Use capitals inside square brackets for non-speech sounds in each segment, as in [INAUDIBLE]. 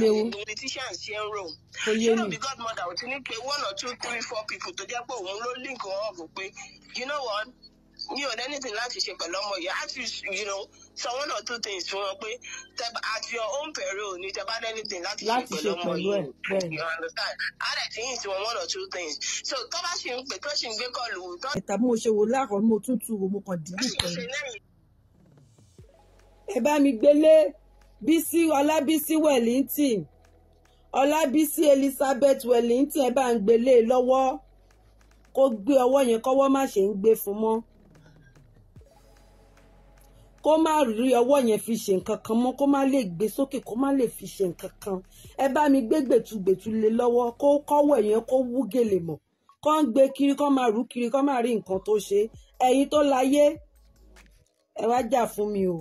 léwu. politicians ṣe ń rò ó yé mi. ṣé òbí godmother ò ti ní pé one or two three four people tó jẹ́ pé òun ló link wọn ọ̀gùn pé you know what mi ò lẹ́nìtì láti ṣe pẹ̀lú ọmọ yìí á ti you know sọ one or two things fún wọn pé at your own peril ni tẹ bá lẹ́nìtì láti ṣe pẹ̀lú ọmọ yìí you understand á rẹ̀ ti yìn sí wọn one or two things so tó bá ṣì ń pè tó ṣì ń gbé kọlù. ẹ̀ta mo ṣe wo láàárọ̀ mo tún tu wo mo kàn dín ẹ bá mi gbélé Bisi ọlábísí wellington ọlábísí elizabeth wellington ẹ bá ń gbélé e lọ́wọ́ kó gbé ọwọ́ yẹn kọ́wọ́ má ṣe ń gbé fún mọ́ kó má rí ọwọ́ yẹn fi ṣe nǹkan kan mọ́ kó má lè gbé sókè kó má lè fi ṣe nǹkan kan ẹ bá mi gbé gbètúgbètú lé e lọ́wọ́ kó kọ́wọ́ yẹn kó wú gèlè mọ́ kó ń gbé kiri kó máa rú kiri kó máa rí nǹkan tó ṣe ẹ̀yin tó láyé ẹ wá jà fún mi o.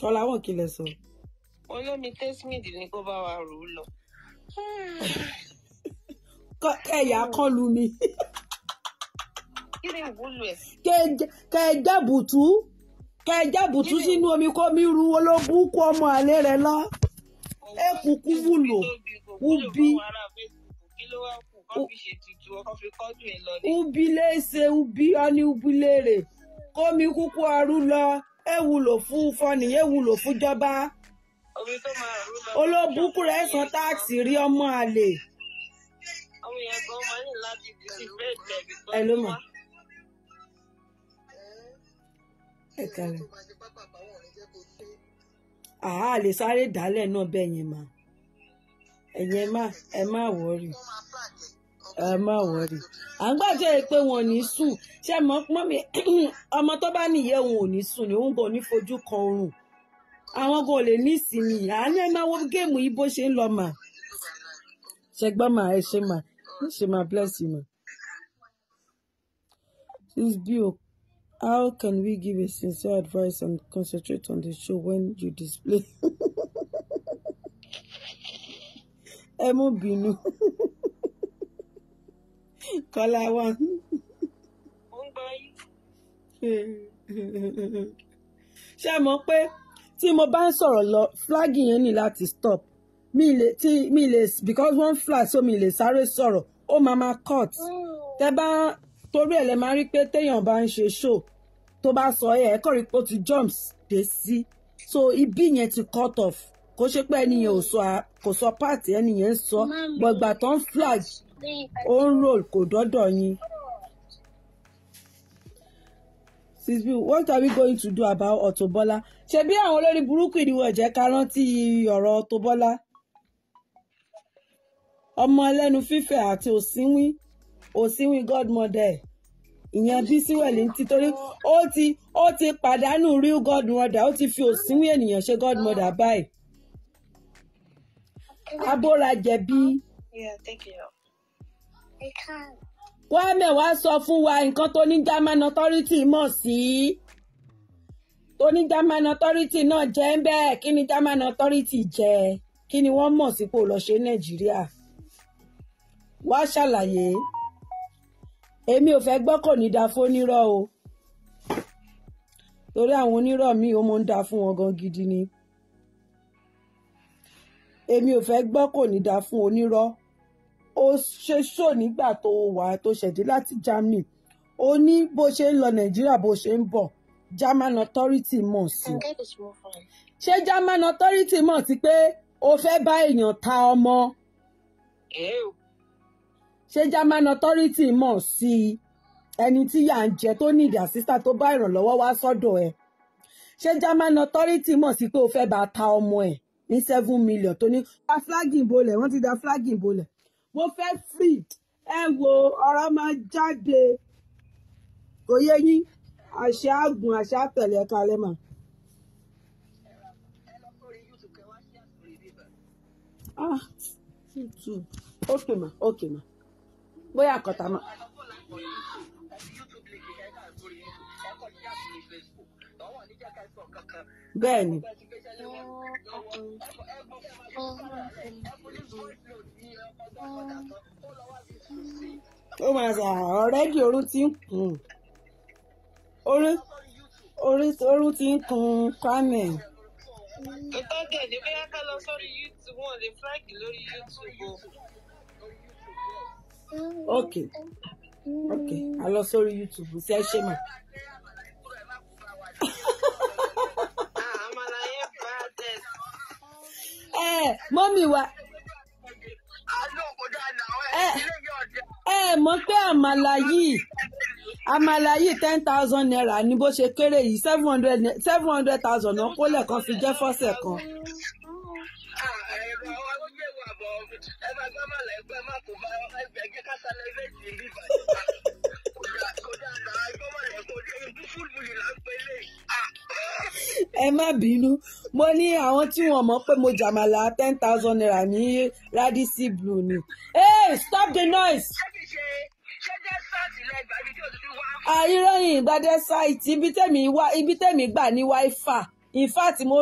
Tọ́láwọ̀n kí lẹ sọ. olómi tẹ́símìd ni kó bá wa rò ó lọ. ẹ̀yà kọlù mi. kí ni ìwúlò ẹ̀. kẹ ẹ jẹ́ bùtú kẹ bùtú sínú omi kó mi ru ológun kú ọmọ àlè rẹ̀ lọ. ẹ kúkú wúlò wúbi ubi léṣe ubi ọ ní ubi léèrè kó mi kúkú ọrú lọ ẹ wúlò fún fọ́nì ẹ wúlò fún jọba olóbùkún rẹ̀ san táàsì rí ọmọ àlè. ẹ ló mọ̀ ẹ kàlẹ́ àá lè sáré dálẹ̀ náà bẹ́ẹ̀ yẹn mà ẹ̀yẹn má ẹ má wọ̀ọ́rì ẹ má wọrí à ń gbàjẹ́ pé wọn ò ní sùn ṣé mọ́mí [CLEARS THROAT] ọmọ tó bá nìyẹn òun ò ní sùn ni òun kò ní fojú kan oorun àwọn kò lè ní ìsinmi àánú ẹ máa géèmù yìí bó ṣe ń lọ mà ṣẹgbọ́n mà ẹ ṣe mà ẹ ṣe mà bless you mà. This bill, how can we give a sincere advice and concentrate on the show when you display? [LAUGHS] ẹ mú bínú. [LAUGHS] Kọ́lá wà. Mo ń gbọ́ yín. Ṣé ẹ mọ̀ pé tí mo bá ń sọ̀rọ̀ lọ flagging yẹn ní láti stop mi lè tí mi lè because one flag so mi lè sáré sọ̀rọ̀ ó máa ma cut oh. tẹ bá torí ẹ̀ lẹ máa rí pé téèyàn bá ń ṣe show tó bá sọ ẹ̀ ẹ̀ kọ́ rí pé ó ti jumps dé sí so ibi yẹn ti cut off kò ṣe pé ẹnìyẹn ò sọ kò sọ páàtì ẹnìyẹn ń sọ gbọ̀gbà tó ń flag ó ń roll kò dọ́dọ̀ yín. Sis what are we going to do about Auto Bola? ṣebí àwọn olórí burúkú ìdíwọ̀ ẹ̀jẹ̀ ká rántí ọ̀rọ̀ Auto Bola. ọmọ ẹlẹ́nu fífẹ̀ àti òsínwín òsínwín godmother ìyẹn bí síwẹ̀lì ń títorí ó ti ó ti pàdánù real godmother ó ti fi òsínwín ènìyàn ṣe godmother báyìí. abóra jẹ̀bi. Yeah, thank you. Kwame wá sọ fún wa nǹkan tó ní German authority mọ̀ sí. Tó ní German authority náà jẹ́ ń bẹ́ẹ̀ kí ni German authority jẹ́ kí ni wọ́n mọ̀ sí kó lọ ṣe Nàìjíríà. Wá ṣàlàyé. Èmi ò fẹ́ gbọ́ kò ní da fónírọ́ o. Torí àwọn onírọ́ mi ò mọ̀ ń da fún wọn gan gidi ni. Èmi ò fẹ́ gbọ́ kò ní da fún onírọ́ ó ṣe ṣò nígbà tó wà tó ṣẹ̀dí láti Germany ó ní bó ṣe ń lọ Nàìjíríà bó ṣe ń bọ̀ German authority mọ̀ sí ṣé German authority mọ̀ sí pé o fẹ́ bá èèyàn ta ọmọ ṣé German authority mọ̀ sí ẹni tí yà ń jẹ tó ní ìdí àsísà tó bá ìrànlọ́wọ́ wá sọ́dọ̀ ẹ̀ ṣé German authority mọ̀ sí pé o fẹ́ bá ta ọmọ ẹ̀ ní seven million tó ní wá flagging bolẹ̀ wọ́n ti da flagging bolẹ̀ mo fẹ́ free ẹ wo ọ̀rọ̀ máa jáde kò yé yín àṣà àgùn àṣà tẹ̀lé ẹ̀ka lẹ́mà. ah youtube okay ma okay ma bóyá àkọ́tà ma bẹ́ẹ̀ ni. ó máa sà ọ̀rẹ́dì orun ti ń kùn orun orun ti ń kùn kwame. ìtọ́ dẹ̀ ní bí ká lọ sórí youtube wọn lè fúrágì lórí youtube o. ok ok a lọ sórí youtube sí ẹ ṣe mà. [LAUGHS] Eh, mọ́mí wa. ẹ eh, eh, mọ̀ pé àmàlà yìí àmàlà yìí ten thousand naira ni bó ṣe kéré yìí seven hundred seven hundred thousand náà kó lẹ́ẹ̀kan fi jẹ́ fọ́sẹ̀ kan. ẹ máa gbọ́ màlẹ́ má kó bá ẹgbẹ́ kásálẹ́ ẹgbẹ́ jì bàjẹ́ ẹ má bínú mo ní àwọn tí wọn mọ̀ pé mo jàmàlà ten thousand naira ní Radisson Blu ni. hey stop the noise. àìròyìn ìgbàdé sáìtì ibi tẹ̀mí wá ibi tẹ̀mí gbà ní wáífà in fact mo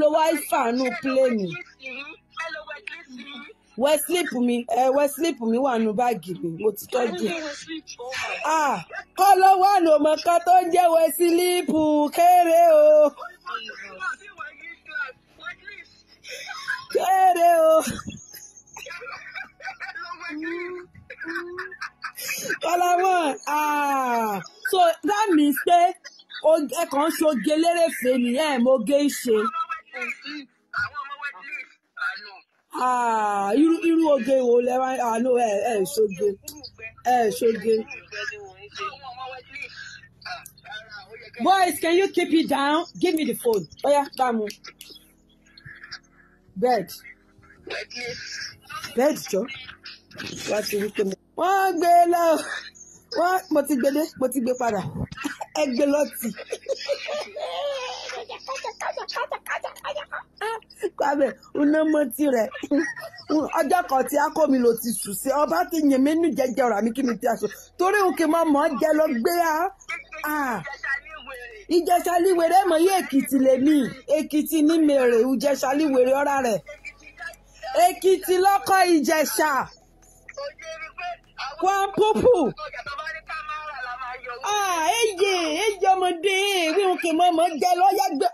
lo wáífà nù pléènì. ẹ lọ wẹ kí westleep mi ẹ westleep mi wà nù báàgì mi mo ti tọ́jú ah kọ́ ló wà nù ọmọ kan tó ń jẹ́ westleep kéré o kéré o kọ́lámọ́ ah so that means pé ẹ kàn ń ṣoge lérèfé nìyẹn mo gé ń ṣe. Ah, irú irú oge wo lẹ wá àánú ah, ẹ ẹ ṣoge ẹ ṣoge. Boys, can you keep it down? Give me the phone. Oya, Bamu. Bed. Bed, jọ. Wá sí wípé mo. Wọ́n gbé lọ. Wọ́n mo ti gbé dé, mo ti gbé padà. [LAUGHS] Ẹ gbé lọ́ọ̀tì. Kájà kájà kájà kájà kájà. Kwame unamọtì rẹ ọjọ́ kan tí a kọ mi ló ti sùn sí ọba ti yàn mí nù jẹjẹ ọ̀rọ̀ àmì kí mi ti aṣọ torí òkè máa mọ̀ ọ́ jẹ lọ gbé a. Ìjẹ̀ṣà líwèrè mọ̀ yí Èkìtì lèmi Èkìtì ní mèrè Ìjẹ̀ṣà líwèrè ọ̀rá rẹ̀ Èkìtì lọ́kọ̀ Ìjẹ̀ṣà wọn ẹyẹ ah, ẹyẹ ọmọdé ìwé òkè mọ mọ jẹ lọ́yà gbé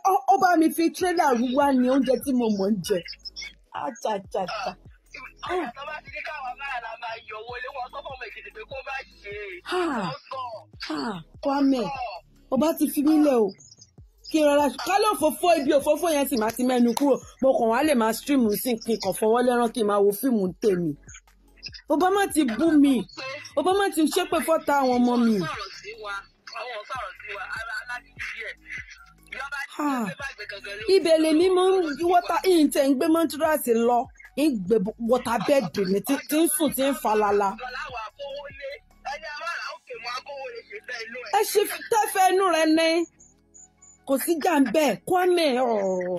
ọ mi fi tírélà wá ní oúnjẹ tí mo mọ̀ ń jẹ. àtàtàtà. ọ̀sán bá ti ní káwọn la máa yọ owó ilé wọn sọ́kọ̀ ọmọ èkìtì pé kó Kwame o bá ti fi mí lẹ̀ o kí rọra ká ló ibi òfófó yẹn sì máa ti mẹ́nu kúrò mo kàn wá lè máa stream sí kí n kàn fọwọ́ lẹ́rán kí n máa wo fíìmù tèmi. Obama ti bú mi Obama ti ṣépè fọ́ta àwọn ọmọ mi. ibẹ̀ lèmi mo ń wọ́ta ìǹtẹ̀ ń gbé mọ́túrásì lọ ń gbé wọ́ta bẹ́ẹ̀dì mi tí ń sùn tí ń falala. ẹ ṣe tẹ́fẹ̀ẹ́ inú rẹ ní kò sí jà ń Kwame ọ̀ọ́.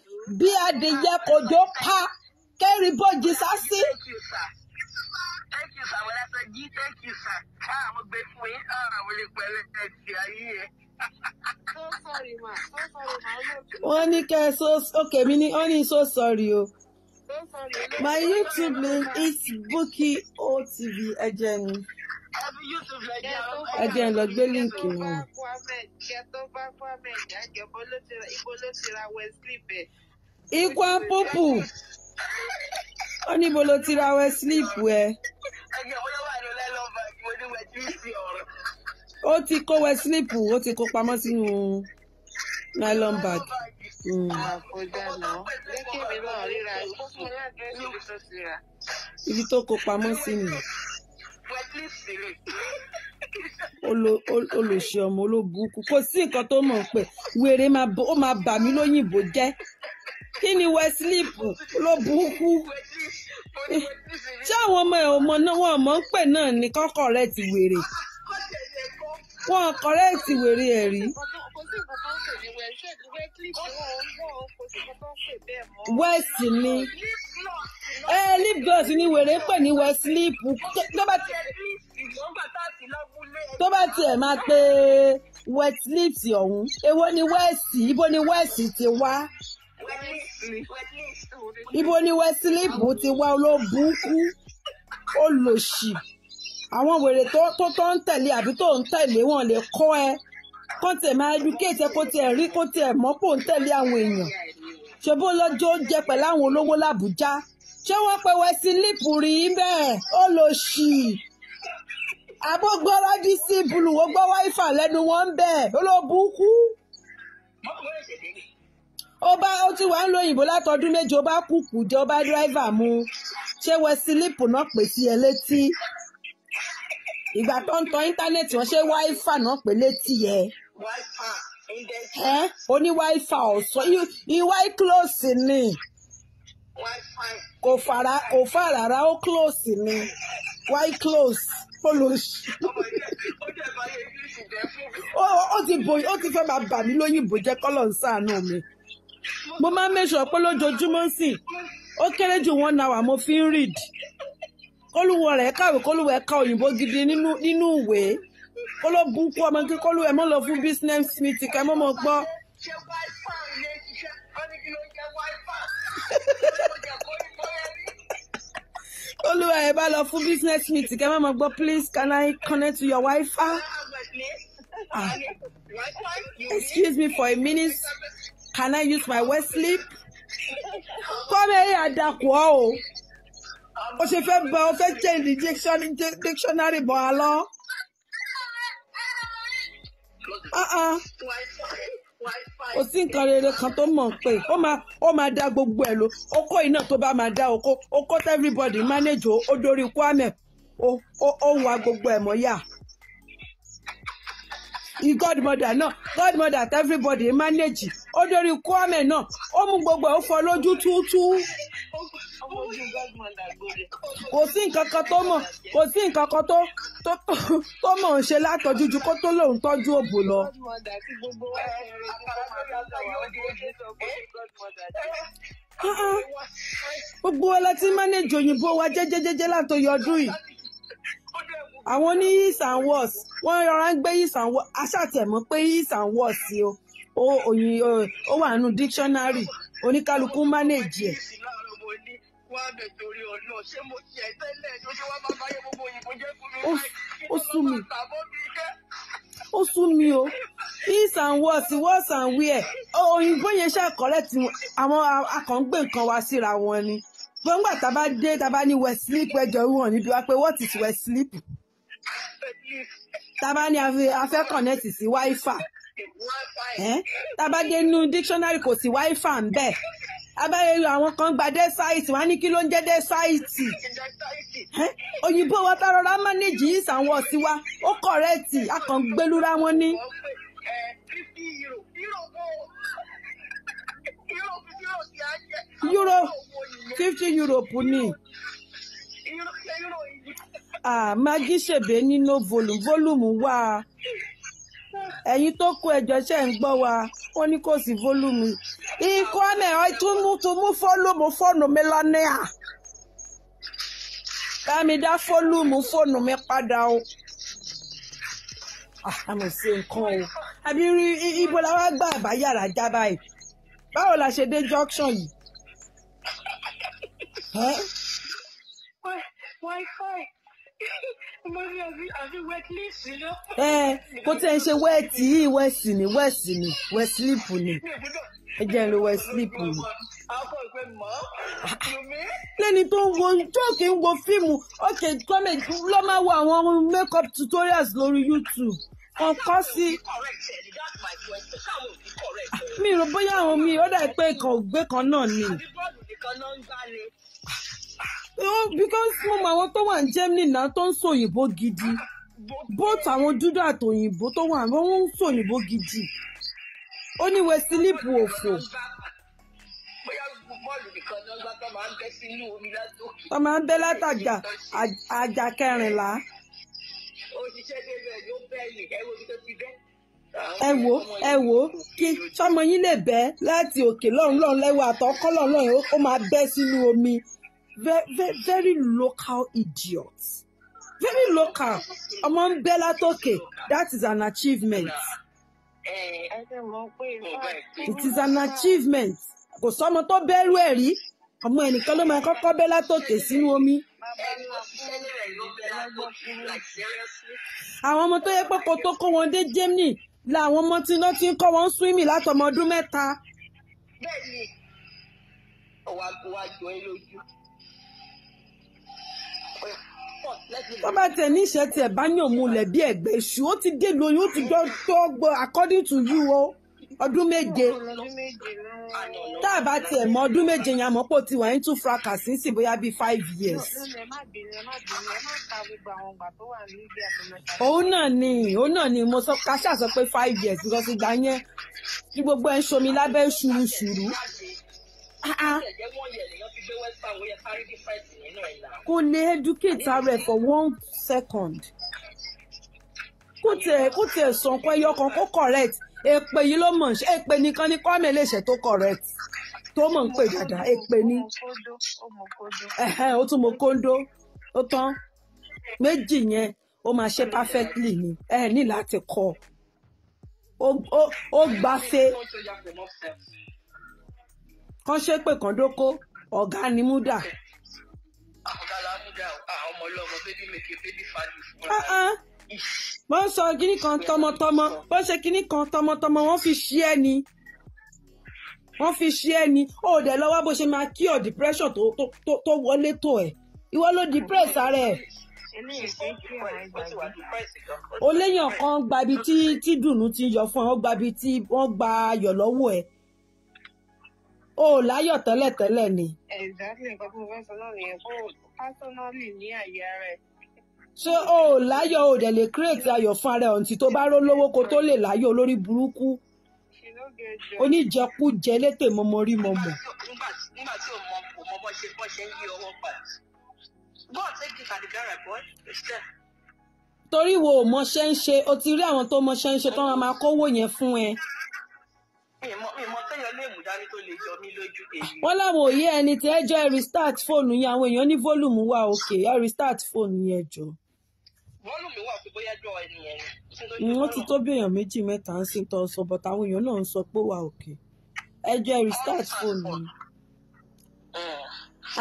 bí adìyẹ kòjó pa kẹ́rì bọ́jì sá sí. Thank you, sir. When I said G, thank you, sir. I'm a big win. I'm really well. Thank you. Are you here? wọ́n ní kẹ́ so ok mi ní wọ́n ní so sorry o my youtube name is Bukky OTV ẹjẹ ni ẹjẹ ń lọ gbé líǹkì náà ikú àpòpù ó ní mo lo ti ra wẹ sílíìpù ẹ. ó ti kó wẹ sílíìpù ó ti kó pamọ́ sínú nylon bag. Hmm. ibi tó kó pamọ́ sí ni olùṣe ọmọ olóbùkún kò sí nǹkan tó mọ̀ pé wèrè ó máa bà mí lóyìnbó jẹ́ kí ni sleep ló burúkú ṣé àwọn ọmọ ẹ̀ ọmọ náà wọn mọ̀ ń pè náà ní kọ́kọ́ rẹ̀ ti wèrè wọn kọ́rẹ́ ti wèrè ẹ̀ rí. west ni ẹ lip gloss ni wèrè pè ní west lip tó bá tó bá tiẹ̀ máa pe wet lips ọ̀hún èwo ni west ibo ni west ti wá ibo ni Wesleep ti wá olóbùkú olòṣì àwọn wèrè tó tó tó ń tẹ̀lé àbí tó ń tẹ̀lé wọn lè kọ́ ẹ kó tiẹ̀ máa educate ẹ kó tiẹ̀ rí kó tiẹ̀ mọ́ kó ń tẹ̀lé àwọn èèyàn ṣe lọ́jọ́ oúnjẹ pẹ̀lú àwọn olówó làbújá ṣé wọ́n pe Wesleep rí bẹ́ẹ̀ olòṣì àbó gbọ́rọ́ dí sí bulu ó gbọ́ wáìfà lẹ́nu wọn bẹ́ẹ̀ olóbùkú ó bá ó ti wà ń lo òyìnbó látọdún méje ó bá kùkù jẹ ó bá dírẹ́fà mu ṣé wẹsílípù náà pè sí ẹ létí ìgbà tó ń tọ íńtánẹ́ẹ̀tì wọn ṣé wáífà náà pè létí yẹ ẹ ó ní wáífà ọ̀sán ìwá ìkílòsì ni kò fara kò fà rárá ó kílòsì ni wáí kílòsì olóṣù ó ti fẹ́ máa bà mí lóyìnbó jẹ́ kọ́lọ̀ ń ṣàánú mi mo máa ń mẹ́sọ̀ pé lójoojúmọ́ sí ó kéré jù one hour mo fi ń read kólúwọ rẹ̀ kàwé kólúwẹ̀ ka òyìnbó gidi nínú ìwé kó ló bú kú ọmọ kí kólúwẹ̀ mọ́ lọ fún business meeting kẹ́ mọ́ mọ́ gbọ́. [LAUGHS] olúwa ẹ bá lọ fún business meeting kẹ́ mọ́ mọ́ gbọ́ please can I connect to your wifi. Ah. Excuse me for a minute. Can I use my wet slip? Kọ́mẹ́ yìí àdàkùọ́ o. O ṣe fẹ́ bọ o fẹ́ change the dictionary bọ̀ á lọ. Uh-uh. Kò sí nǹkan rere kan tó mọ̀ pé ó máa ó máa dá gbogbo ẹ̀ lọ. Okó iná tó bá máa da. okó okó tẹ́ everybody manage o ó dórí Kwame ó wa gbogbo ẹ̀ mọ́ yà. Godmother náà no. Godmother everybody manage ó dórí Kwame náà ó mú gbogbo ẹ̀ ó fọ lójú túútú kò sí nǹkan kan tó mọ̀ kò sí nǹkan kan tó tó mọ̀ ń ṣe látọ̀jú ju kó tó lòun tọ́jú òbò lọ. gbogbo wa la ti mánéjì òyìnbó wa jẹ́jẹ́jẹ́jẹ́ látòyí ọdún yìí àwọn ní yìí sàn wọ́ọ̀sì wọ́n rọra ń gbé yìí sàn wọ́ọ̀sì aṣáàtì pé yìí wọ́ọ̀sì o ó òyìn ó wà nù dictionary oníkálukú manage ẹ̀. ó sú mi ó sú mi o east and west west and where òyìnbó yẹn ṣàkọ́lẹ́tì àwọn akọ̀ǹgbè nǹkan wá síra wọn ni gbọ́ngbà tá a bá dé tá a bá ní west sleep ẹjọ́ wọn níbi wá pé what is west sleep tá a bá ní afẹ́ connect sí wifi. Eh? tabade nu dictionary kò sí wáífà ń bẹ abẹ́rẹ́ àwọn kan gba dẹ́sáìtì wọn á ní kí ló ń jẹ́ dẹ́sáìtì eh? òyìnbó wa tá rọra mánéjì yìí sàwọn ọ̀sìn wa ó kọ̀rẹ́ẹ̀tì akàngbélúra wọn ní. euro fifty europe ni ah magi ṣèbé nínú volume volume wà. Wow ẹ̀yin tó kú ẹjọ́ ṣe ń gbọ́ wa ó ní kò sí fólùmù ìkọ́nà ìtumùtumù fólùmù fóònù mi lọ́nìyà bámi dá fólùmù fóònù mi padà o àmọ̀ ah, sí nǹkan o àbí ibo la wá gbà bá yàrá já báyìí báwo la ṣe dé junction yìí. [LAUGHS] Wi-Fi mo rí àfi àfi wẹ́tílísì lọ. ẹ kó tẹ́ ń ṣe wẹ́ẹ̀tì yìí wẹ́ẹ̀sì ni wẹ́ẹ̀sì ni wẹ́ẹ̀sìlíìpù ni ẹ jẹ́ ń lo wẹ́ẹ̀sìlíìpù ni. lẹ́ni tó ń wo jókè ń wo fíìmù ókè kọ́mẹ̀tì ló máa wo àwọn makeup tutorials lórí YouTube kan kọ́ sí. mi ò rò bóyá àwọn mi ó dà pé kan ò gbé kan náà ni because mo mọ àwọn tó wà ní Germany náà tó ń sòyìnbó gidi both àwọn dúdú àtòyìnbó tó wà wọ́n ń sòyìnbó gidi ó ní wẹ́ sílíìpù òfò. tó máa ń bẹ́ látàjà àjà kẹrìnlá. ẹ wo ẹ wo kí sọmọ yín lè bẹ́ láti òkè lọ́run lọ́run lẹ́wọ̀ àtọkọ lọ́run lọ́run ó máa bẹ́ sínú omi very very local idiots very local Among Bella bẹ́ that is an achievement. it is an achievement kò sọ́mọ tó bẹ̀rù ẹ̀ rí ọmọ ẹnìkan ló máa kọ́kọ́ bẹ́ látòkè sínú omi. àwọn ọmọ tó yẹ pé kò tó kó wọn dé Germany làwọn ọmọ tí wọ́n ti ń kọ́ wọn swimming látọmọ ọdún mẹ́ta. bẹ́ẹ̀ni ọwọ àgbọn ẹ lójú tó bá tẹ níṣẹ́ tẹ bá yàn múlẹ̀ bí ẹ̀gbẹ́ ṣù ó ti dé lóyún ó ti jọ tó gbọ́ according to you o ọdún méje tá a bá tiẹ̀ mọ ọdún méje yẹn àmọ́ pò ti wà into fracas sí bóyá bíi five years. òun náà ni òun náà ni mo sọ ká ṣàṣọ pé five years because ìgbà yẹn kí gbogbo ẹ̀ ń ṣomi lábẹ́ ṣùrùṣùrù Ah, ah. kò lè educate ara ẹ̀ for one second kó tiẹ̀ kó tiẹ̀ sọ nǹkan ẹyọ kan kó correct èpè yìí ló mọ̀ ṣe èpè nìkan ni kọ́mẹ̀ iléeṣẹ́ tó correct tó mọ̀ ń pè dáadáa èpè ni ó tún mọ kóńdó o tán méjì yẹn ó máa ṣe perfectly ni ẹ ní láti kọ́ ó gbáfẹ́ kán ṣépè kán dóko ọ̀gá ni múdà. ọ̀gá la múdà àwọn ọmọ ọlọ́mọ bébí mèké bébí fàájì fún wa. wọ́n sọ kinní kan tọmọtọmọ wọ́n ṣe kinní kan tọmọtọmọ wọ́n fi ṣí ẹ ni wọ́n fi ṣí ẹ ni ó dẹ̀ lọ́wọ́ bó ṣe máa kí ọ̀ depression tó wọlé tó ẹ̀ ìwọ ló depress ara ẹ̀ ó léyàn kan gbabi tí dùnú ti yọ fún ẹ ó gbabi tí wọ́n gba ayọ̀ lọ́wọ́ ẹ̀ o ò láyọ̀ tẹ́lẹ̀ tẹ́lẹ̀ ni. exactly nǹkan tí mo fẹ́ sọ náà nìyẹn fún personally ní àyè ara ẹ̀. ṣé o ò láyọ̀ o dẹ̀ lè create ayọ̀ fún ara ẹ̀ ọ̀ǹtì tó bá rólówó kó tó lè láyọ̀ olórí burúkú oníjẹkújẹ létè mọmọ. nígbà tí o mọ mọ ṣe ń wo ò mọṣẹ́ ṣe o ti rí àwọn tó mọṣẹ́ ń ṣe tó máa kówó yẹn fún ẹ wọ́n láwọn òye ẹni tí ẹ jọ ẹ restart fóònù yẹn àwọn èèyàn ní fólùmù wà òkè ẹ restart fóònù yẹn jọ. fólùmù wà pé bóyá jọ ẹnìyẹn ni. wọ́n ti tó bí èèyàn méjì mẹ́ta ń sìn tó sọ bọ́tà àwọn èèyàn náà ń sọ pé wà òkè ẹ jọ ẹ restart fóònù yẹn.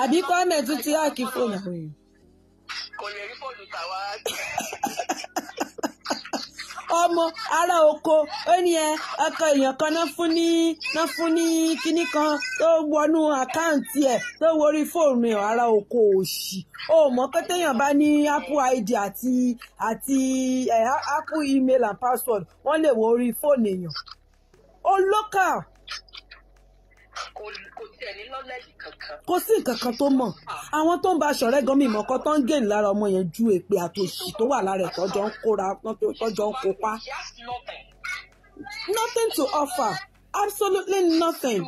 àbí kọ́mẹ̀ tún ti háàkì fóònù àwọn èèyàn. kò lè rí fóònù tàwa. [LAUGHS] ọmọ ará oko ó ní ẹ ọkọ èèyàn kan náà fún ní náà fún ní kinní kan tó wọnú àkáǹtì ẹ̀ tó wọrí fóònù ẹ̀ ará oko òṣì ó mọ̀ pé téèyàn bá ní apple id àti àti eh, apple email and password wọ́n lè wọ orí fóònù èèyàn ó lókà kò tiẹ̀ ní lọ́lẹ́jì kankan. kò sí nǹkan kan tó mọ̀ ah. àwọn tó ń ba aṣọ rẹ̀ gan mi mọ̀ kan tó ń gèèlì lára ọmọ yẹn ju èpè àtòṣì tó wà lára ẹ̀ tọ́jọ́ ń kóra tọ́jọ́ ń kópa. nothing to offer absolutely nothing.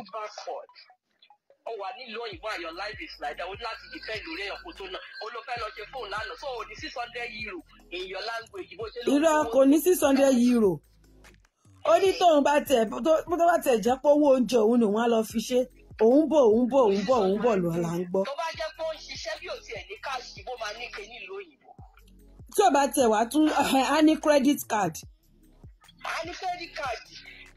Ó wà nílùú òyìnbó and your life is láti dìfẹ́ ìlú rẹ̀ ọ̀pọ̀ tó náà o ló fẹ́ lọ ṣe fóònù lánàá so o ní six hundred euro in your language ṣe lọ. Irọ́ kò ní six hundred euro ó ní tóun bá tẹ̀ tó bá tẹ̀ jẹ́ pé owó oúnjẹ òun ni wọ́n á lọ fi ṣe òun bọ̀ òun bọ̀ òun bọ̀ òun bọ̀ lọ́la ń gbọ́. tó bá jẹ́ pé ó ń ṣiṣẹ́ bí ò tiẹ̀ ní káàṣì bó máa ní kéyìn ìlú òyìnbó. tí ò bá tẹ̀ wá tún á [LAUGHS] ní credit card. á ní credit card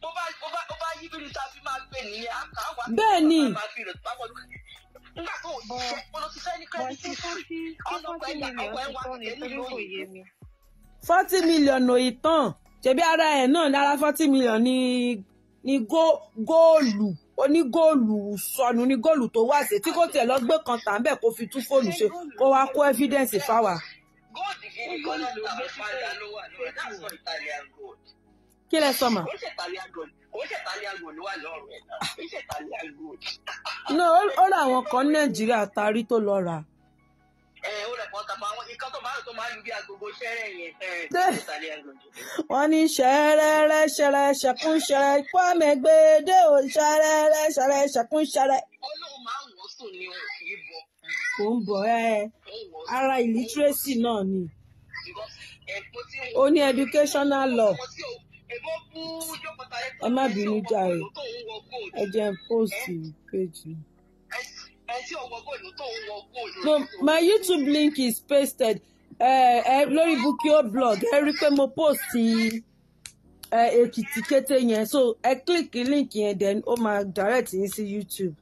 bó bá bó bá bó bá yí bírí tá a fi máa gbé nìyẹn á kà á wà. bẹ́ẹ̀ ni nígbà tó ò ṣiṣẹ́ bọ́lọ́ ní credit card ọ̀nà ọ̀gbẹ́ ìyá wà ní kéyìn ìlú òyìnbó. forty million ò tán ṣebí ara ẹ̀ náà lára forty million ní ní góòlù onígóòlù sọnù ní góòlù tó wá sí tí kò tiẹ̀ lọ gbé kan tà ń bẹ̀ kó fi tú fóònù ṣe kó wá kó evidence fáwa. kí lẹ sọ mà. no ó rà àwọn kan nàìjíríà tarí tó lọ rà wọ́n ní ṣẹ́rẹ́rẹ́ ṣẹ̀rẹ́ ṣẹ̀kún ṣẹ̀rẹ́ pọ́mẹ́gbẹ́dẹ́ ò ṣẹ́rẹ́rẹ́ ṣẹ̀rẹ́ ṣẹ̀kún ṣẹ̀rẹ́. ọlọ́run máa ń wọ́n sùn kò ń bọ̀ ẹ́ ara illiteracy náà ni ó ní educational law ẹ má bínú jàre ẹ jẹ́ post page. No, my YouTube link is pasted uh, uh, lórí Bukio blog ẹ rí i pé mo post eh, Èkìtì kété yẹn so ẹ click link yẹn then ó máa direct yín sí YouTube.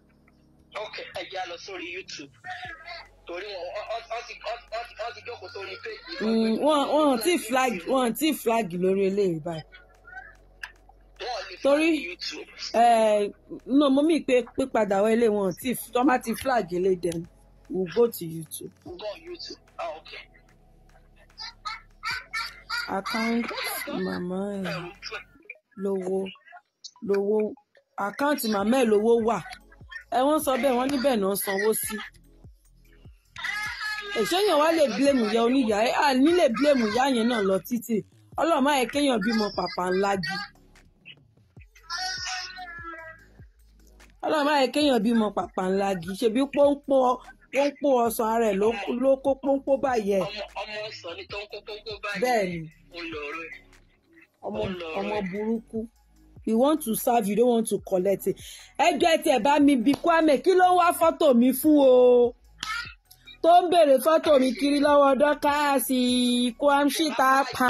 ok ẹ jẹ́ a lọ sórí YouTube torí wọn ti jókòó sórí page. Mm, wọn wọn ti flag wọn ti flag lórí eléyìí báyìí torí no mo mi pé pípadà wọlé wọn tí wọn bá ti flag ilé dem we we'll go to YouTube. We'll go YouTube. Oh, okay. Account mama. ẹ̀ lówó lówó account mama. ẹ̀ lówó wà ẹ wọ́n sọ bẹ́ẹ̀ wọ́n níbẹ̀ náà sanwó sí. èṣèyàn wá lè blame ya oníyàá ẹ̀ à nílè blame ya yẹn náà lọ títì ọlọ́mọ ẹ̀ kéèyàn bímọ pàpà ńlá jù. ọlọ́run báyìí kéèyàn bímọ pàpà ńlá gì ṣebí pọ́npọ́ pọ́npọ́ ọ̀sán ara ẹ̀ ló kó pọ́npọ́ báyẹ̀. ọmọ ọsàn ni tó ń kó pọ́npọ́ báyẹ̀. bẹ́ẹ̀ni ọmọ burúkú you want to serve you don't want to collect it. ẹjọ́ tiẹ̀ bá mi bí Kwame kí ló wá fọ́tò mi fún o tó ń béèrè fọ́tò mi kiri lọ́wọ́ dọ́kà sí Kwamshita pa.